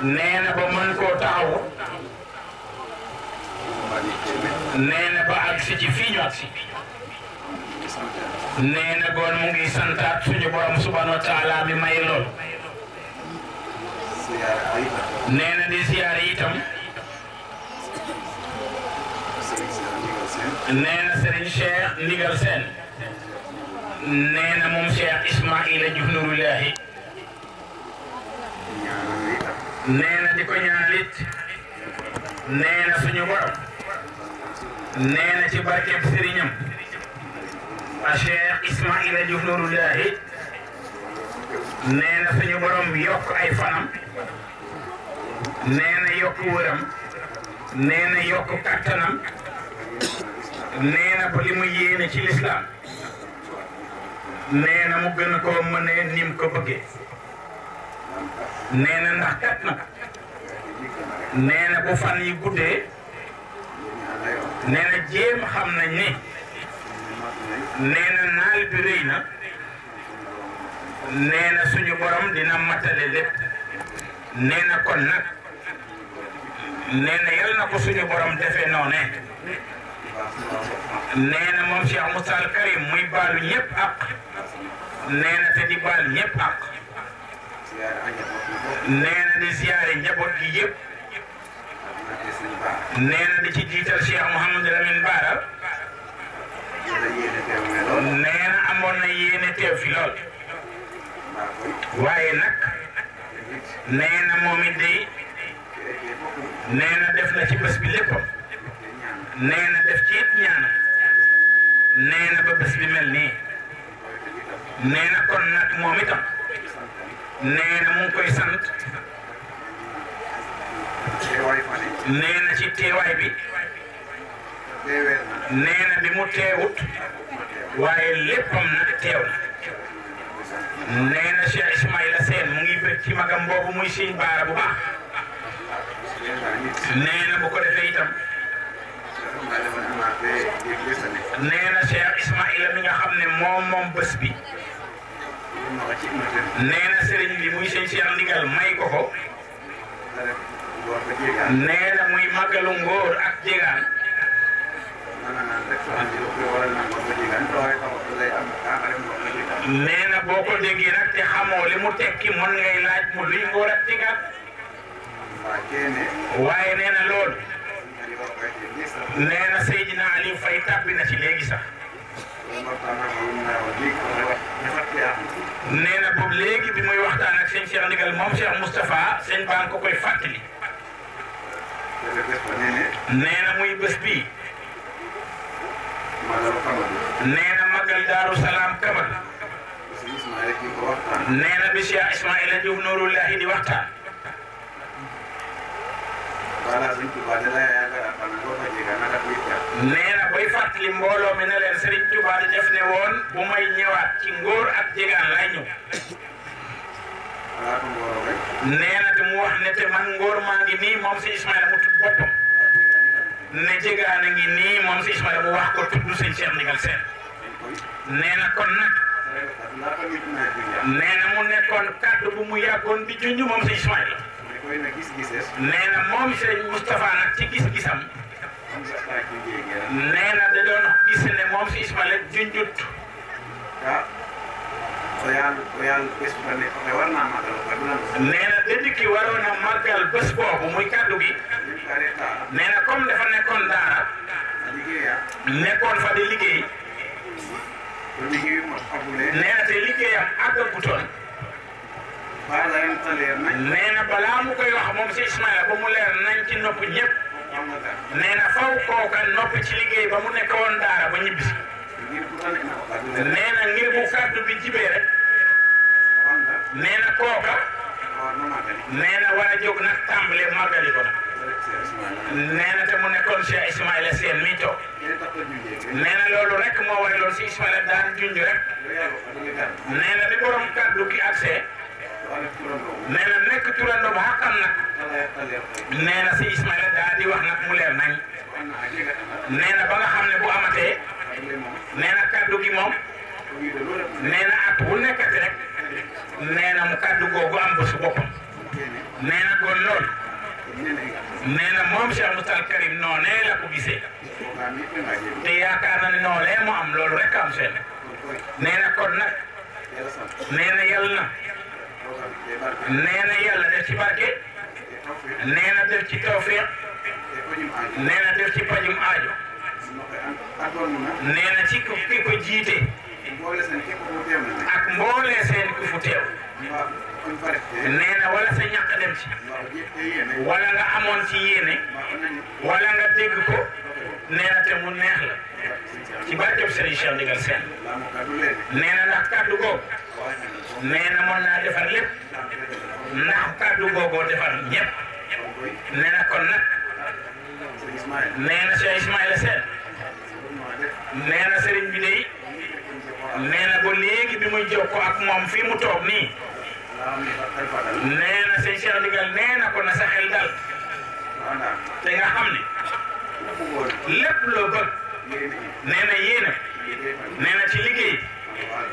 nee na ba mën koo taxawu nee na ba agsi ci fii ñu agsi nee na goon mu ngi santaat suñu borom subhanahu bi may lool di siyaare itam nee na Serigne Cheikh Ndigal Sène nee na moom Cheikh Ismaila Diouf nee di ko ñaalit nee suñu borom nee ci barkeb sëriñam a Cheikh Ismaïla Diouf Nouroullahi nee na suñu borom yokk ay fanam nee na yokk wëram nee yokk kattanam nee na li mu yéene ci lislaam nee na mu gën koo mënee nim ko nee na ndax kat nag nee bu fan yi guddee nee na jéem xam nañ ne nee na naal bi rëy na nee na suñu borom dina matale lépp nag nee yal na ko suñu borom defee noonee nee na Karim muy baalu ñëpp ak nee te di baal ñëpp ak nee na gi yëpp. nee na ci jiital Cheikh Mouhamadou nag. nee def ci bés bi léppam. na def ci ba bés bi mel nii. nee nee na mu koy sant nee na ci teewaay bi nee na bi mu teewut waaye léppam nag teew na nee na Cheikh Ismaïla mu ngi bëgg magam boobu muy Sëñ Baara bu baax nee bu ko defee itam nee na Cheikh Ismaïla mi nga xam ne moom moom bés nee na sëriñ bi muy sëñ Cheikh ndigal may ko ko nee na muy màggalu ngóor ak jégaan nee na boo ko déggee nag te xamoo mu tekki mën ngay laaj mu luy ngóor ak jégaan waaye nee na loolu nee na Seydina Aliou Faye ci léegi sax nee na bi muy waxtaan ak sëñ Cheikh Ndigal moom Cheikh Moustapha sëñ baa ngi ko koy fàttali. nee muy bés bii. nee na magal daaru salaam kabal. nee na bi Cheikh Ismaïla Diouf Nourullahi di waxtaan. nee na bay fàttali mbooloo mi ne leen Serigne Touba def ne woon bu may ñëwaat ci ngóor ak jegaan lay ñëw. nee na te mu wax ne te man ngóor maa ngi nii moom si Ismaïla mu ne jegaan a ngi si Ismaïla mu wax ko tudd sëñ Cheikh Ndigal Sène. nee na kon nag. nee mu nekkoon kàddu bu mu yàggoon di junj moom si Ismaïla. nee moom Serigne Moustapha nag ci gis-gisam. nee na doon gis ne moom si Ismaël junjut. ah. nee na dënd ki waroon a màggal bés boobu muy kàddu gi. nee na comme dafa nekkoon daara. nekkoon fa di liggéey. nee na te liggéeyam àggagutoon. nee na balaa mu koy moom si Ismaël ba mu leer nañ ci nopp ñëpp. nee faw kooka noppi ci liggéey ba mu nekkoon daara ba ñibbisi nee ngir bu fàddu bi jibee rek nee na kooka nee na war a jóg nag tàmbali màggali ko nag nee na te mu mi toog nee loolu rek moo waraloon si Ismaïla daan junj rek nee na bi borom kàddu ki accès nee na nekk turandoo ba xàqam nag nee na si Ismaïla daa di wax nag mu leer nañ nee na ba nga xam ne bu amatee nee na kaddu gi moom nee na at bu nekkati rek nee mu kaddu googu am bésu boppam nee na kon loolu nee na moom Cheikh Moustapha Karim noonee la ko gisee te yaakaar na ne noonee am loolu rek am seen nee kon nag nee na na. nee na yàlla def ci barke nee na def ci tawfeex nee na def ci pajum aajo nee ci ki ko jiite ak mboole seen ku fu teew nee na wala sa ñàkk dem ci wala nga amoon ci yéene wala nga dégg ko nee na te mu neex la ci barkeb Serigne Cheikh Ndigal Sène nee na ndax nee na mën naa defar lépp ndax kàddu googoo defar ñëpp nee na kon nag nee na Cheikh Ismaïla Sène nee na bi dey nee na ba léegi bi muy jokkoo ak moom fii mu toog nii nee na sëñ Cheikh Ndigal ko na sa xel dal te nga xam ne lépp loo bëgg nee na yéena ci liggéey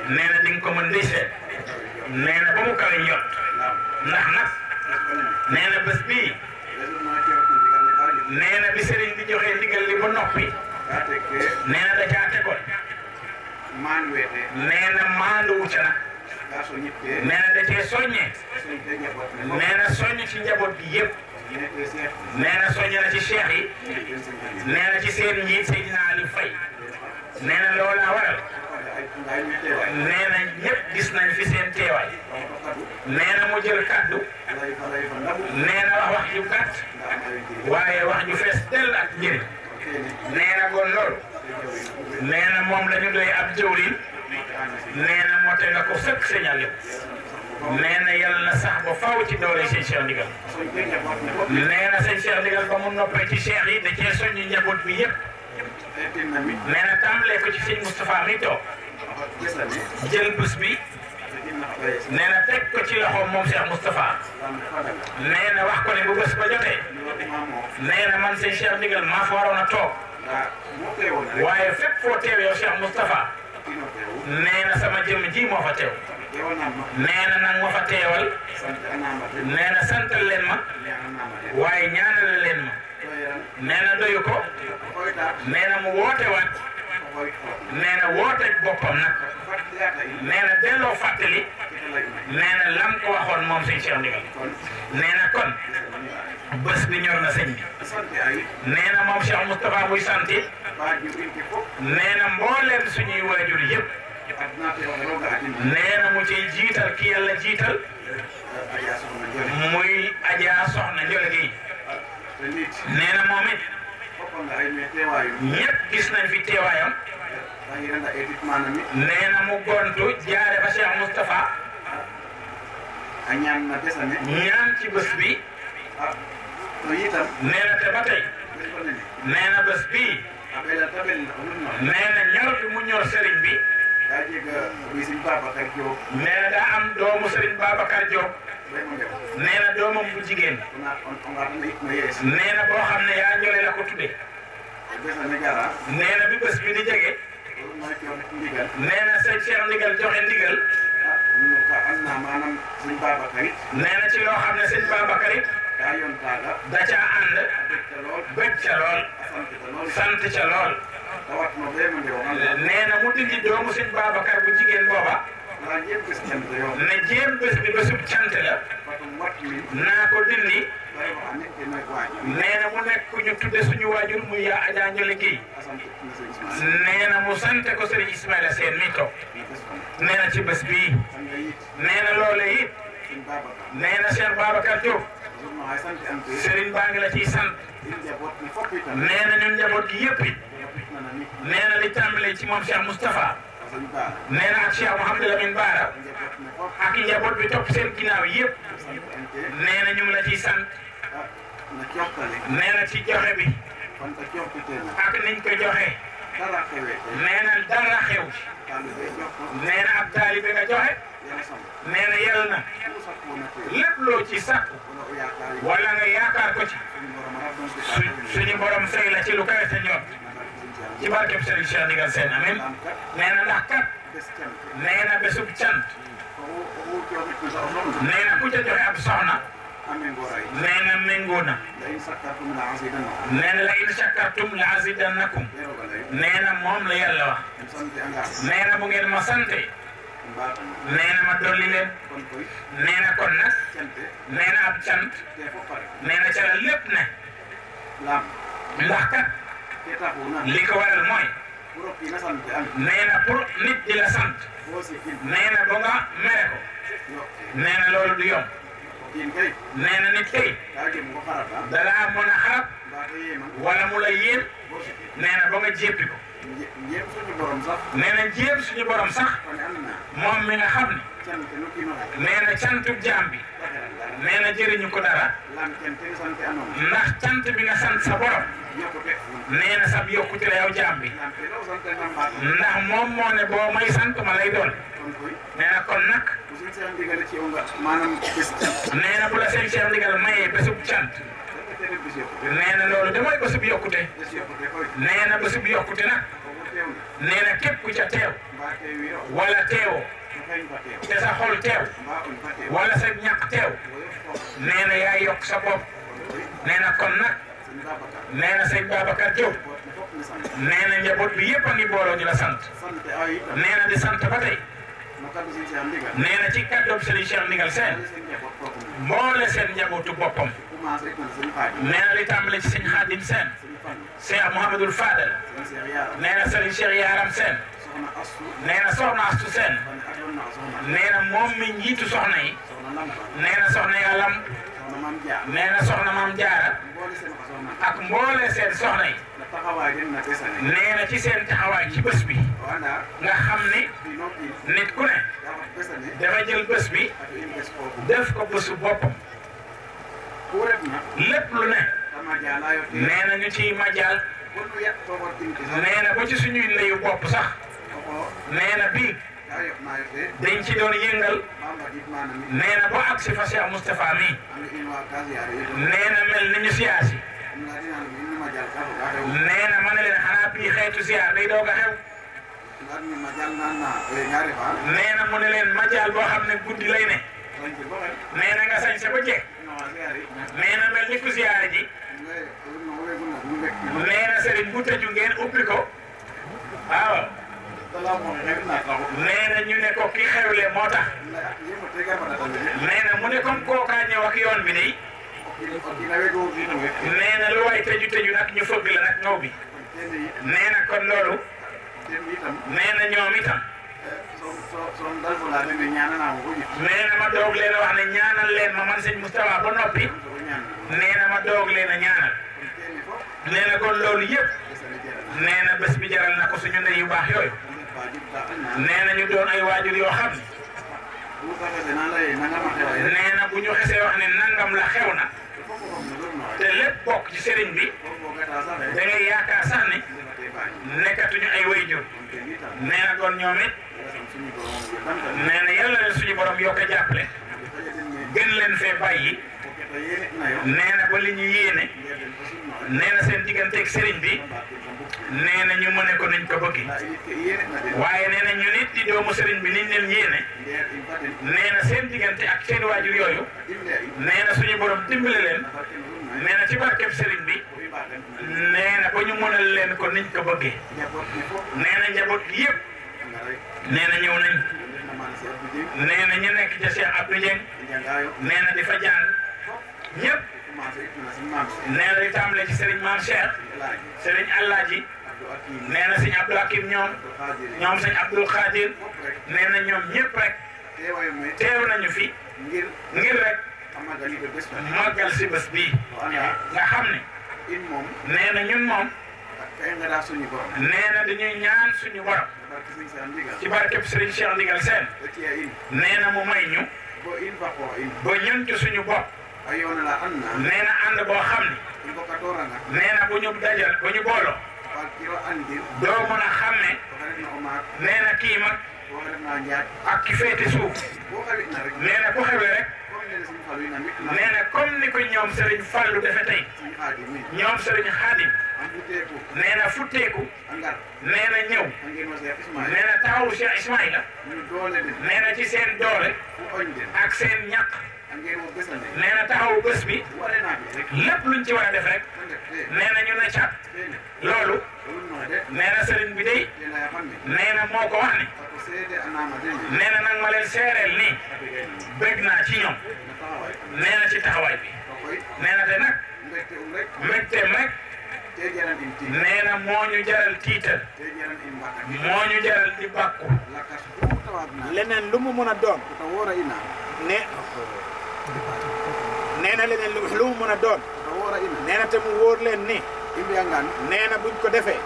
nee na di nga ko mën di seet nee ba mu kawe njot ndax nag nee na bés bii nee na bi sëriñ bi joxee ndigal li ba noppi nee na da caa tegoon nee na maanduwu ca nag nee na da cee soññee nee soññ ci njaboot bi yëpp nee na na ci cheikh yi nee na ci seen njiit Seydina Ali Faye na waral. nee na gis nañ fi seen teewaay nee na mu jël kàddu nee na wax wax ju gàtt waaye wax ju fees dell ak njëriñ nee na kon loolu nee na moom la ñu doy ab jëwriñ nee na mote nga ko sëkk señal yëpp nee na sax ba faw ci doole seen Cheikh Ndigal nee na seen Cheikh Ndigal ba mu noppee ci cheikh yi da cee jël bés bi nee na teg ko ci loxoom moom Cheikh Moustapha nee na wax ko ne bu bés ba jotee nee man seen Cheikh ndigal maa fa waroon a toog waaye fépp foo teew yow Cheikh Moustapha nee sama jëmm ji moo fa teew nee na nag teewal nee na santal leen ma waaye ñaanal leen ma nee doyu ko nee mu woote waat nee na wooteeg boppam nag nee na delloo fàttali nee na lam ko waxoon moom sëñ Cheikh Ndigal nee na kon bés bi ñor na sëñ bi nee na moom Cheikh Moustapha muy sant nee na mbooleem suñuy waajur yëpp nee na mu ciy jiital ki yàlla jiital muy Adja Soxna Ndiol Guèye nee na ñëpp gis nañ fi teewaayam. nee na mu gontu jaare ba Cheikh Moustapha. ñaan ci bés bi. nee te ba tey. nee na bés bii. nee na ñor bi mu ñor sëriñ bi. nee na daa am doomu sëriñ Babacar nee na bu jigéen nee na boo xam ne yaa njole la ko tudde nee na bi bés bi di jege nee na sëñ Cheikh joxe ndigal nee ci loo xam ne sëñ Babacar it da caa ànd bëgg ca lool sant ca lool nee na mu dindi doomu sëñ Babacar bu jigéen booba na jéem bés bi bésub naa ko dindi nee na mu nekk ñu tudde suñu waajur muy yaa Adja Ndiolé Guèye nee na mu sante ko Serigne Ismaïla Sène mi toog nee ci bés bii loole it nee na Cheikh Babacar Diop Serigne baa sant nee ñun njaboot gi yëpp it li tàmbalee ci moom Cheikh Moustapha. nee na ak Cheikh Mouhamadou Lamine Bara ak njaboot bi topp seen ginnaaw yëpp nee na ñu ngi la ciy sant nee na ci joxe bi ak niñ ko joxe nee na dara xew nee na ab taalibe nga joxe nee na yal na lépp loo ci sàkku wala nga yaakaar ko ci suñu borom sëy la ci lu kawe sa ñoom. ci barkeb Serigne na ndax kat nee na na ku ca joxe ab soxna nee na méngoo na nee na la in wax nee na bu ngeen ma sante nee na ma dolli leen nee na kon na ab lépp li ko waral mooy nee na pour nit di la sant nee na ba nga mere ko nee na loolu du yomb nee na nit tey dalaa mën a xarab wala mu la yéem nee na ba nga jéppi ko nee na jéem suñu borom sax moom mi nga xam ne nee na cantu jaam bi nee na jëriñu ko dara ndax cant bi nga sant sa borom nee na sab yokkute la yow jaam moom moo ne boo may sant ma lay doon nee na kon nag nee na bu la seen ceeb ndigal mayee bésub cant nee ba loolu damay bésub yokkute nee na bésub yokkute na képp ku ca teew wala teewoo te sa xol teew wala sa ñàkk teew nee na yaa yokk sa bopp nee na kon nag nee na sëñ Babacar Diop nee na njaboot bi a ngi booloo di la sant nee na di sant ba tey nee na ci kàddoom Serigne Cheikh Ndigal seen mboole seen njabootu boppam nee na li tàmbale ci sëñ Xaadim seen Cheikh Mouhamadul Fadal nee se Serigne Cheikh Yaaram seen. nee na soxna Astu Seen nee na moom mi njiitu soxna yi nee soxna ya lam nee soxna maam jaara ak mboole seen soxna yi nee ci seen taxawaay ci bés bi nga xam ne nit ku ne dafa jël bés def ko bésu boppam lépp lu ne nee ñu ciy majaal nee na ci suñuy layu bopp sax nee na bii dañ ci doon yëngal nee na ba ak si fa Cheikh Moustapha mi nee na mel ni ñu siyaasi nee na ma ne leen xanaa bii xeetu siyaar day doog a xew nee na ne leen majaal boo xam ne guddi lay ne nee na sa ba jekk nee na mel ni ku siyaare nee na ñu ne ko ki xewle moo tax nee na mu ne kon kookaa ñëw ak yoon bi nii nee na lu waay tëju tëju nag ñu fëgg la nag ñëw bi nee na kon loolu nee na ñoom itam nee na ma doog leen a wax ne ñaanal leen ma man sëñ Moustapha ba noppi nee na ma doog leen a ñaanal nee na kon loolu yëpp nee na bés bi jaral na ko nee na ñu doon ay waajur yoo xam ne nee na bu ñu xesee wax ne nangam la xew na te lépp bokk ci sëriñ bi da ngay yaakaar sax ne nekkatuñu ay waajur nee na kon ñoom it nee na yàlla leen suñu borom yokk a jàppale gën leen fee bàyyi nee na ba li ñu yéene. nee na seen digganteeg sëriñ bi nee na ñu mën ko nañ ko bëggee waaye nee na ñu nit di doomu sëriñ bi niñ leen yéene nee na seen diggante ak seen waajur yooyu nee na suñu dimbale leen nee na ci barkeb sëriñ bi nee na ba ñu mënal leen ko niñ ko bëggee nee na njaboot gi yëpp nee na ñëw nañ nee na ñu nekk ca Cheikh Abdou nee na di fa jàng ñëpp. nee na di tàmbale ci Serigne Mame Cheikh Serigne Alaaji nee na sëñ Abdou Hakim ñoom ñoom sëñ Abdou Khadir nee na ñoom ñëpp rek teew nañu fi ngir rek màggal si bés bii nga xam ne nee na ñun moom nee na dañuy ñaan suñu borom ci barkeb Serigne Cheikh Ndigal Sène nee na mu may ñu ba ñun ci suñu bopp. nee na ànd boo xam ne nee na bu ñu dajal bu ñu booloo doo mën a xam ne nee na kii mag ak ki féete suuf nee na ku xewee rek nee na comme ni ko ñoom Serigne Fallou defe tey ñoom Serigne Khadim nee na futteeku nee na ñëw nee na taawu Cheikh Ismaïla nee na ci seen doole ak seen ñàkk. nee na taxawu bés bi lépp luñ ci war a def rek nee na ñu ne ca loolu nee na sëriñ bi day nee na moo ko wax ni nee na ma leen seereel nii bëgg naa ci ñoom nee na ci taxawaay bi nee na nag mbégteem rek nee na moo ñu jaral tiital moo ñu jaral di bàkku leneen lu mu mën a doon ne nee na leneen lu mën a doon. nee na te mu wóor leen ni. nee na buñ ko defee.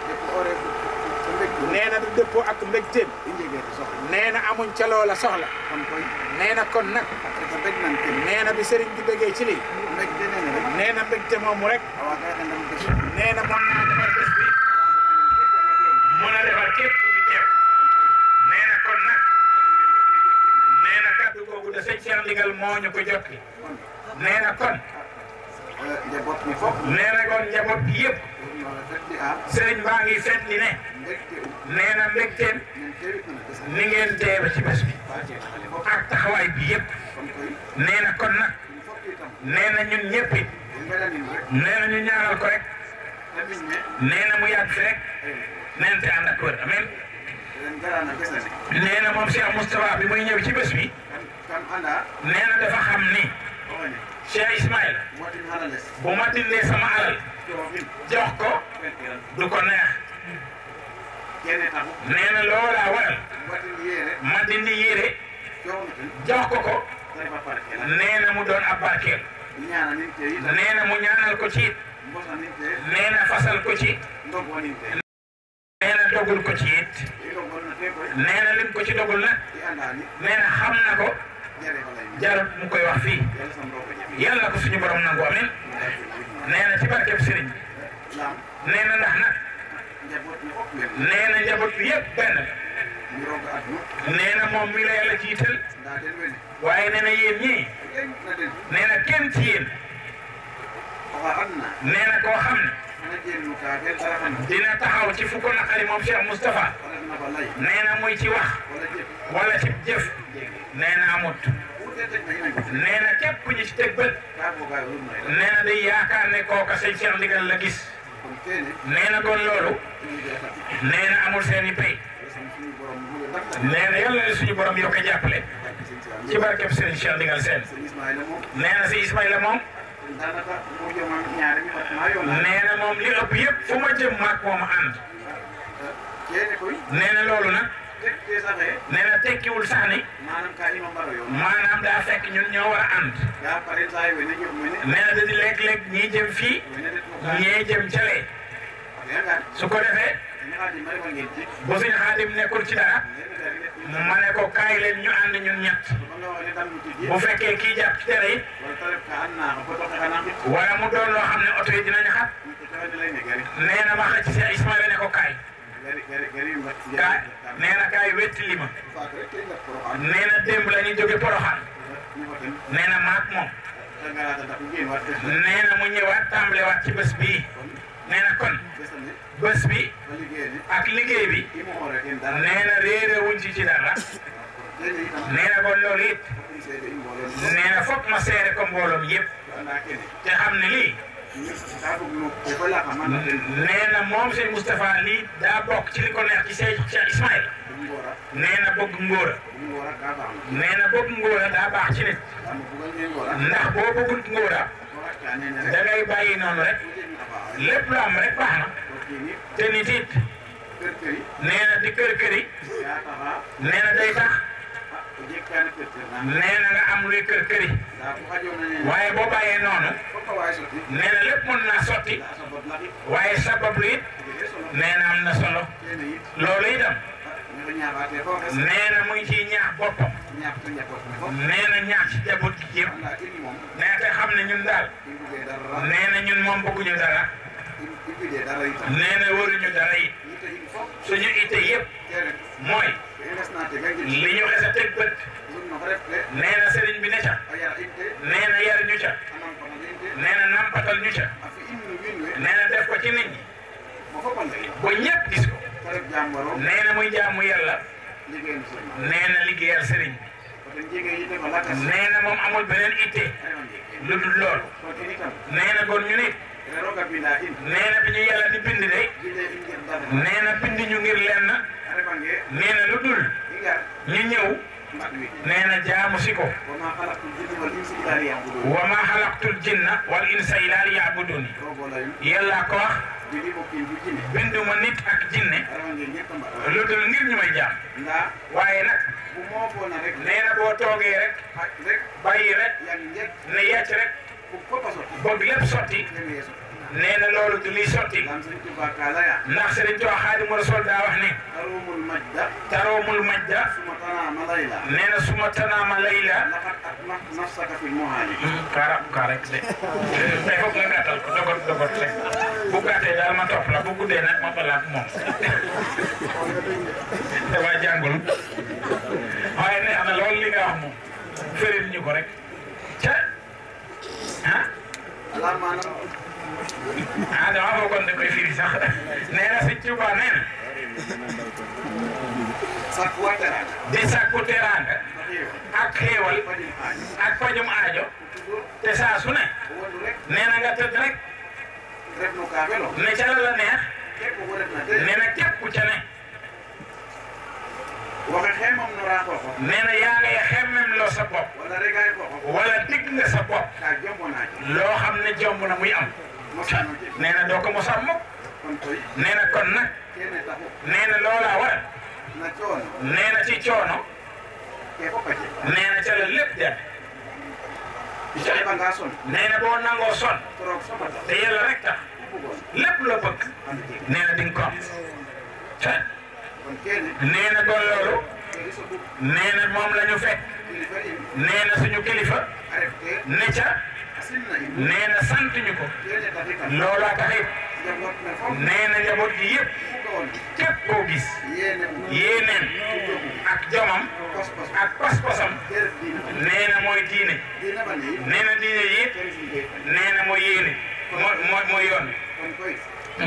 nee na du dëppoo ak mbégteem. nee na amuñ ca soxla. nee na kon nag. nee na bi sëriñ bi bëggee ci lii. nee na moomu rek. nee na mën naa ndigal moo ñu ko jot nee na kon nee na kon njaboot bi yëpp sëriñ baa ngi ne na mbégteen ni ngeen teewe ci bés bi ak taxawaay bi yëpp nee na kon nag nee na ñun ñëpp it nee na ñu ñaaral ko rek nee na mu yàgg rek neen te ànd ak wër amen nee na moom Cheikh Moustapha bi nee na xam ni Cheikh Ismaïl bu ma dindee sama alal jox ko du ko neex nee na waral ma dindi yére jox ko ko nee na mu doon ab barkeel mu ñaanal ko ci nee na fasal ko ci nee na dogul ko ci it nee na ko ci dogul na nee xam na ko. jarab mu koy wax fii yàlla ko suñu borom nangu amin nee na ci barkeb sëriñ bi nee na ndax nag nee na njaboot bi yëpp benn nee na moom mi la yàlla na yéen kenn ci yéen nee na koo dina taxaw ci fu ko naqari moom Cheikh Moustapha nee na muy ci wax wala ci jëf nee na amut nee na képp ñu ci teg bët nee na day yaakaar ne kooka sëñ Cheikh ndigal la gis nee na kon loolu nee na amul seen i pay nee na yàlla na suñu borom yokk jàppale ci barkeb sëñ Cheikh ndigal seen nee si Ismaïla moom. daanaka mu jëmoon ñaari mi mat maa yoon. moom li ëpp yëpp fu ma jëm maag moom ànd. nee na loolu nag. nee na tekkiwul sax ni. maanaam daa fekk ñun ñoo war a ànd. nee na da di léeg-léeg ñii jëm fii. ñee su ko defee. bu suñ xaadim nekkul ci dara ma ne ko kaay leen ñu ànd ñun ñett bu fekkee kii jàpp ci tere yi wala mu doon loo xam ne oto yi dinañ xat nee na ma xaj ci a Ismaïla ne ko kaay kaay nee na kaay wetti li ma nee na démb la ñu jóge Poroxaan nee na maak moom nee na mu ñëwaat tàmbalewaat ci bés bii nee na kon bés bi ak liggéey bi nee na réere ci ci dara nee na kon loolu it ma seere ko mbooloom yëpp am xam ne lii nee na moom sëñ Moustapha lii daa bokk ci li ko neex ci sëñ Cheikh Ismaïl nee na bëgg ngóora daa baax ci nit ndax boo bëggul ngóora da ngay bàyyi rek lépp lu am rek baax na te nit it nee na di kër kër yi nee na day tax nee na nga am luy waaye boo bàyyee noonu nee na lépp mën naa sotti waaye sabab lu am na solo loolu itam. nee na muy ci ñaax boppam. nee na ñaax ci jaboot gi yëpp. nee te xam ne ñun daal. nee na ñun moom bëgguñu dara. nee na waruñu dara yi. suñu itte yëpp. mooy. li ñu xes a teg bët. nee na sëriñ bi ne ca. nee na yar ñu ca. nee na nampatal ñu ca. nee na def ko ci nit ñi. ba ñëpp gis ko. nee na muy jaamu yàlla nee na liggéeyal sëriñ bi nee na moom amul beneen itte lu dul loolu nee na kon ñu nit nee na bi ñu yàlla di bind de nee na bind ñu ngir lenn nee na lu dul ñu ñëw. nee na jaamu si ko. wa ma xalaqtul jinna wal insa illa liyabuduni yàlla ko wax. binduma nit ak jinne. lu dul ngir ñu may jaam. waaye nag. nee na boo toogee rek. bàyyi rek. ne yecc rek. bëgg lépp sotti. nee na loolu du luy sotti. ndax Serigne Touba Xaadimu Rasuul daa wax ne. taroomul majda. taroomul majda. suma tanaama layla. nee na suma tanaama layla. laqad atmaxta nafsaka fil muhaali. Hmm, kaara kaa rek de. Eh, tey foog nga gàttal ko dogot dogot rek bu gàttee daal ma topp la bu guddee nag ma balaak moom. dama jàngul. waaye neex na loolu li nga wax moom. fëril ñu ko rek. ca ah. ah dama bëggoon da koy firi sax nee na sëñ Tuubaa nee na di sàkku teraanga ak xéewal ak fajum aajo te saa ne nee na rek ne ca la la neex nee na képp ku ne nee na xemmem loo sa bopp wala dig nga sa bopp loo xam ne jomb na muy am nee na doo ko mos a mukk nee na kon nag nee na loola waral nee na ci coono nee na ca la lépp dem. nee na boo nangoo son te yàlla rek lépp la bëgg nee na di nga ko am nee na kon loolu nee na moom fekk nee suñu kilifa ne ca. nee na ko loolaa taxit nee na njaboot gi yëpp képp koo gis yéeneen ak jomam ak pas-pasam nee mooy diine nee diine yëpp nee mooy yéene mooy yoon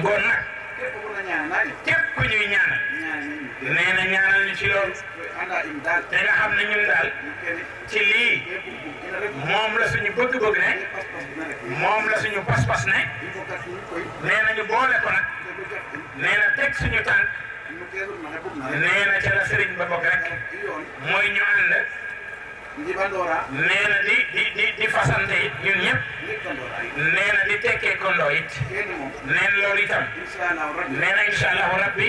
kon nag képp ku ñuy ñaanal nee na ñaanal ci loolu te nga xam ne ñun daal ci lii moom la suñu bëgg-bëgg ne moom la suñu pas-pas ne nee na ñu boole ko nag nee na teg suñu tànk nee na ca ba bokk mooy ñu ànd. nee na di di di di fasante it ñun ñëpp nee na di tekkee kondoo it nee na loolu itam nee na incha allahu rabbi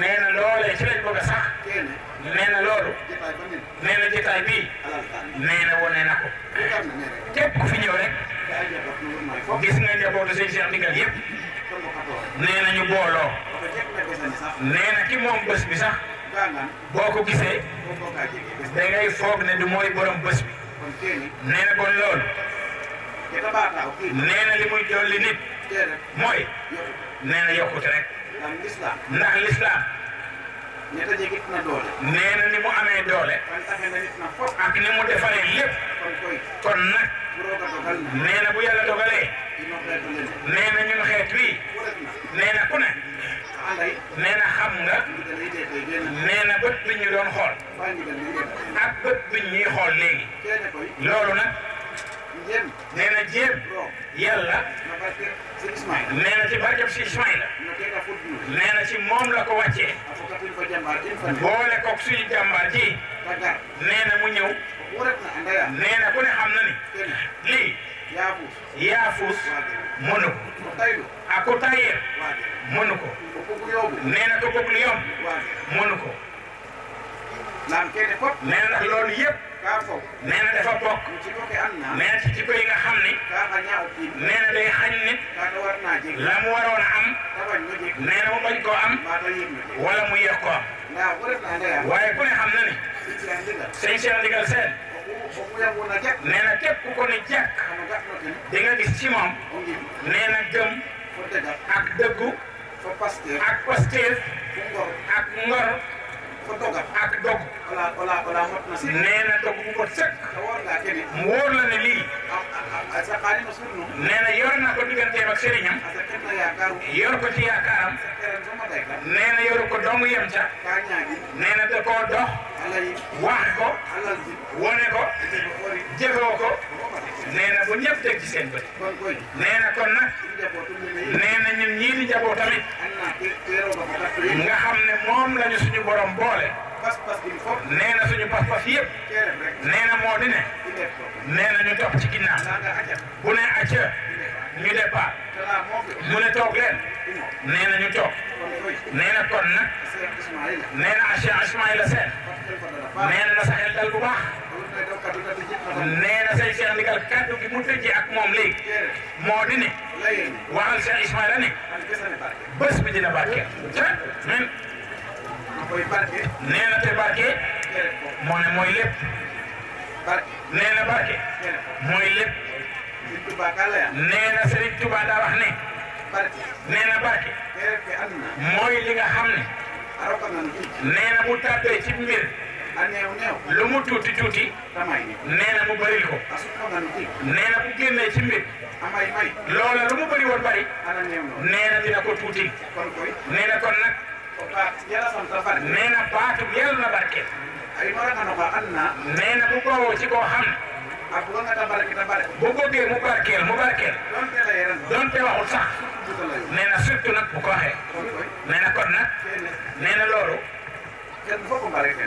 nee na loolee ci lañ bëgg a sax nee na loolu nee na jotaay bii nee na wane na ko képp ku gis nga njabootu seen Cheikh Ndigal yëpp ñu booloo nee na ki moom bés bi sax. boo ko gisee da ngay foog ne du mooy borom bés bi nee na kon loolu nee na li muy dolli nit mooy nee na yokkute rek ndax lislaam nee na ni mu amee doole ak ni mu defaree lépp kon nag nee na bu yàlla dogalee nee ak bët bi ñuy xool léegi loolu nag nee na jéem yàlla nee na ci barkeb si Ismaïla nee na ci moom la ko wàccee boole koog suñu jàmbaar ji nee na mu ñëw nee na ku ne xam na ni lii yaafuus mënu ko ak ku tayeer mënu ko na lu yomb mënu ko. naan kene fop nee na loolu yëpp ka foog nee na dafa bokk nee na ci jikko yi nga xam ni nee na day xañ nit la mu waroon a am nee na mu bañ koo am wala mu yëg koo am waaye ku ne xam na ni sëñ Cheikh Ndigal Sène nee na képp ku ko ne jàkk di nga gis ci moom nee na gëm ak dëggu ak pasteef ak ngor ko dogal ak dog wala wala wala mot na si nee na dog bu ko sëkk mu wóor la ne lii ah, ah, ah, nee na yor na ko digganteem ak sëriñam yor ko ci yaakaaram nee na ko dong yem ca nee na da koo ko wone ko jëfoo ko nee na bu ñëpp teg ci seen bët. nee na kon nag nee ñii di jaboo nga xam ne moom lañu suñu borom boole. nee na suñu pas-pas yëpp nee na moo di ne na ñu topp ci ginnaaw bu ne acca. ñu départ mu ne toog leen nee na ñu toog nee na kon nag nee na Cheikh Ismaïla Sène nee na na sa xel dal bu ak moom léegi moo di ne waxal Cheikh Ismaïla ne bés bi dina barke te même nee te barke moo ne mooy lépp nee nee na Serigne Touba daa wax ne. nee na mooy li nga xam ne. nee na mu tàbbee ci mbir. Ah, lu mu tuuti tuuti. nee na mu bëril ko. nee na bu génnee ci mbir. loola lu mu bëri woon bëri. Ah, nee na dina ko tuuti. nee na kon nag. nee na baatu yàlla na barke. nee na bu booboo ci koo xam. ak loolu nga tabarake tabarake bu bëggee mu barkeel mu barkeel donte waxul sax nee na surtout nag bu ko waxee nee na kon nag nee na loolu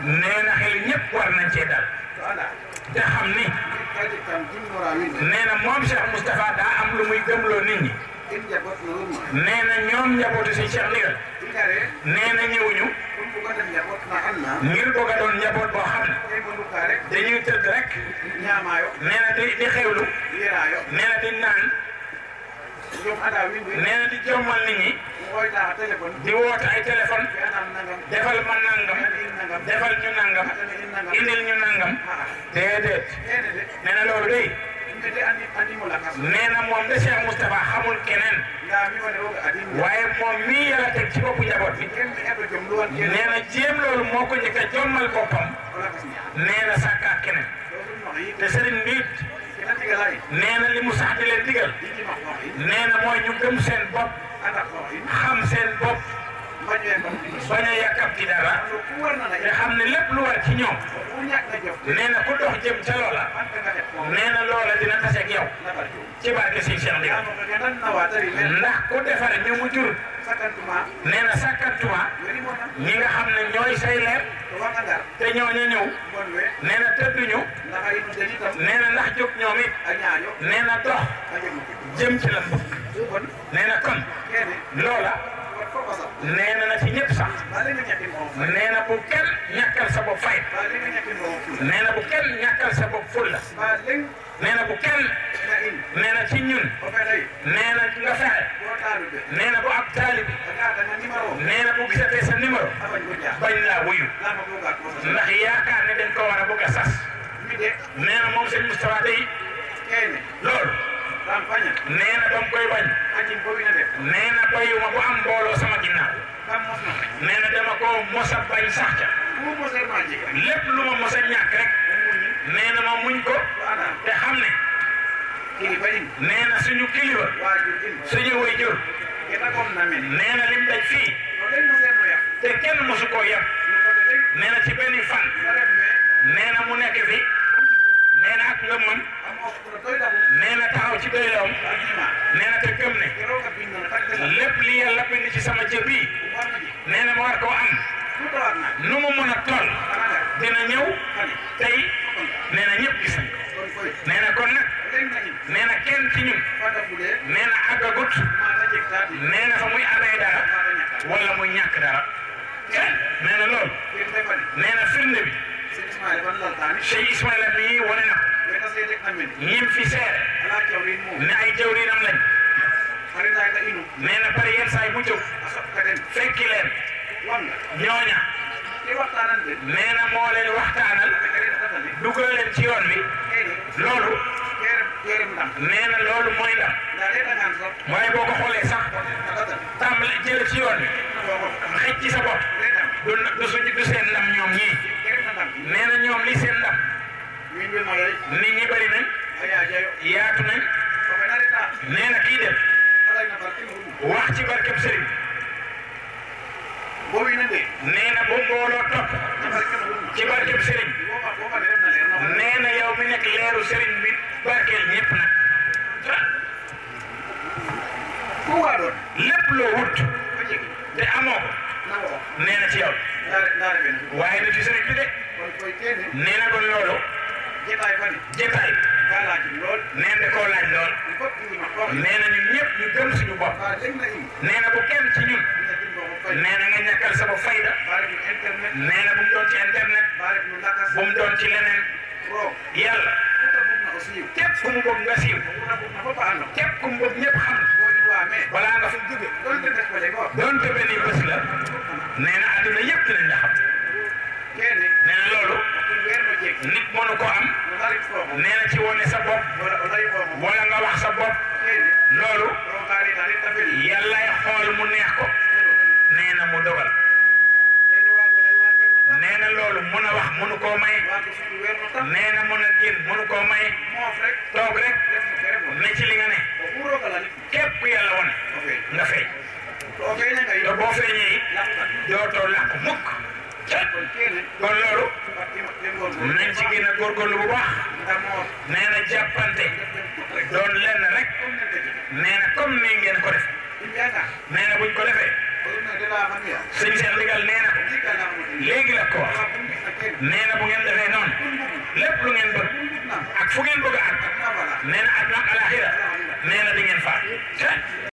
nee na xel ñëpp war nañ cee dal te xam ni nee na moom Cheikh Moustapha daa am lu muy gëmloo nit ñi nee na ñoom njabootu si Cheikh Ndigal nee na ñëwuñu ngir bëgg a doon njaboot boo xam ne dañuy tëdd rek nee na di xewlu nee di naan nee di jommal nit ñi di woote ay defal ma nangam defal ñu nangam indil ñu nangam déedéet nee na loolu day nee na moom de Cheikh Moustapha xamul keneen. waaye moom mii yàlla teg ci boppu njaboot bi. nee na jéem loolu moo ko njëkk a jommal boppam. nee na sàkkaat keneen. te sëriñ bi nee li mu sax di leen digal. nee na mooy ñu gëm seen bopp. xam seen bopp. bañ a yàkkamti dara nga xam ne lépp lu war ci ñoom nee na ku dox jëm ca loola nee na loola dina tase ak yow ci barke si Cheikh bi ndax ku defar ñu mu jur nee na sakkantuma ñi nga xam ne ñooy say leer te ñooñu ñëw nee na tëdduñu nee ndax jóg ñoom it dox jëm ci lan bëgg nee na loola. nee na na ci ñëpp sax a na bu kenn ñàkkal sa bopp fay na bu kenn ñàkkal sa bopp fulla nee na bu kenn nee na ci ñun nee a nga fexe nee a bu ab taalibi nee na bu gisatee sa numéro bañ laa wuyu ndax yaakaar ne dañ ko war a bëgg a sas nee na moom sëñ Moustapha day loolu. nee na dama koy bañ. nee na bayuma bu am mbooloo sama ginnaaw. nee dama ko mos a bañ sax ca. lépp lu ma mos a ñàkk rek. nee na ma muñ ko. te xam ne. nee na suñu kilifa. suñu waajur. nee na lim daj fii. te kenn mosu koo yab. nee na ci benn fan. nee na mu nekk fi. nee na ak ngëmmam nee na taxaw ci doyloom nee na te gëm ne lépp li yàlla bind ci sama jëb yi nee na ma war koo am nu mu mën a toll dina ñëw tey nee na ñëpp gis nee na kon nag na kenn ci ñun nee na àggagut nee na fa muy amee dara wala muy ñàkk dara nee na loolu nee na bi. Ismaïla ban loolu Cheikh Ismaïla mii wane na. ñim fi seet. ne ay jawriñam lañ. nee na pare yenn saa yi mu jóg. fekki leen. ñooña. nee na moo leen waxtaanal. dugal leen ci yoon bi. loolu. nee na loolu mooy ndam. waaye boo ko xoolee sax. tàmbali jële ci yoon bi. xëj ci sa bopp. du du suñu du seen nit ñi bëri kii barkeb sëriñ nee na bu mbooloo topp ci barkeb sëriñ mi nekk leeru sëriñ bi barkeel ñëpp nag lépp wut te amoo ko nee waaye du ci sëriñ bi de nee na jébaay ba ne. jébaay. daa laaj lool. nee na koo laaj lool. nee na ñun ñëpp ñu gëm suñu bopp. nee na bu kenn ci ñun. nee na nga ñàkkal sa bopp fayda. nee na bu mu doon ci internet. bu mu doon ci leneen. yàlla. képp ku mu bëgg nga siiw. képp ku mu bëgg ñëpp xam. nga fi jóge. donte benn bés la. nee na xam. nee na ci wone sa bopp wala nga wax sa bopp loolu yàllaay xool mu neex ko nee na mu dogal nee na loolu mun a wax munu koo may nee na mun a génn munu koo may toog rek ne ci li nga ne képp wone nga fay te boo feeñee dootoo làq mukk kon loolu nañ ci gën a góorgóorlu bu baax nee na jàppante doon lenn rek nee na comme ni ngeen ko def nee na buñ ko defee sëñ Cheikh Ndigal nee na léegi la ko wax nee na bu ngeen defee noonu lépp lu ngeen bëgg ak fu ngeen bëgg a àgg nee na àdduna ak alaaxira nee na di ngeen faat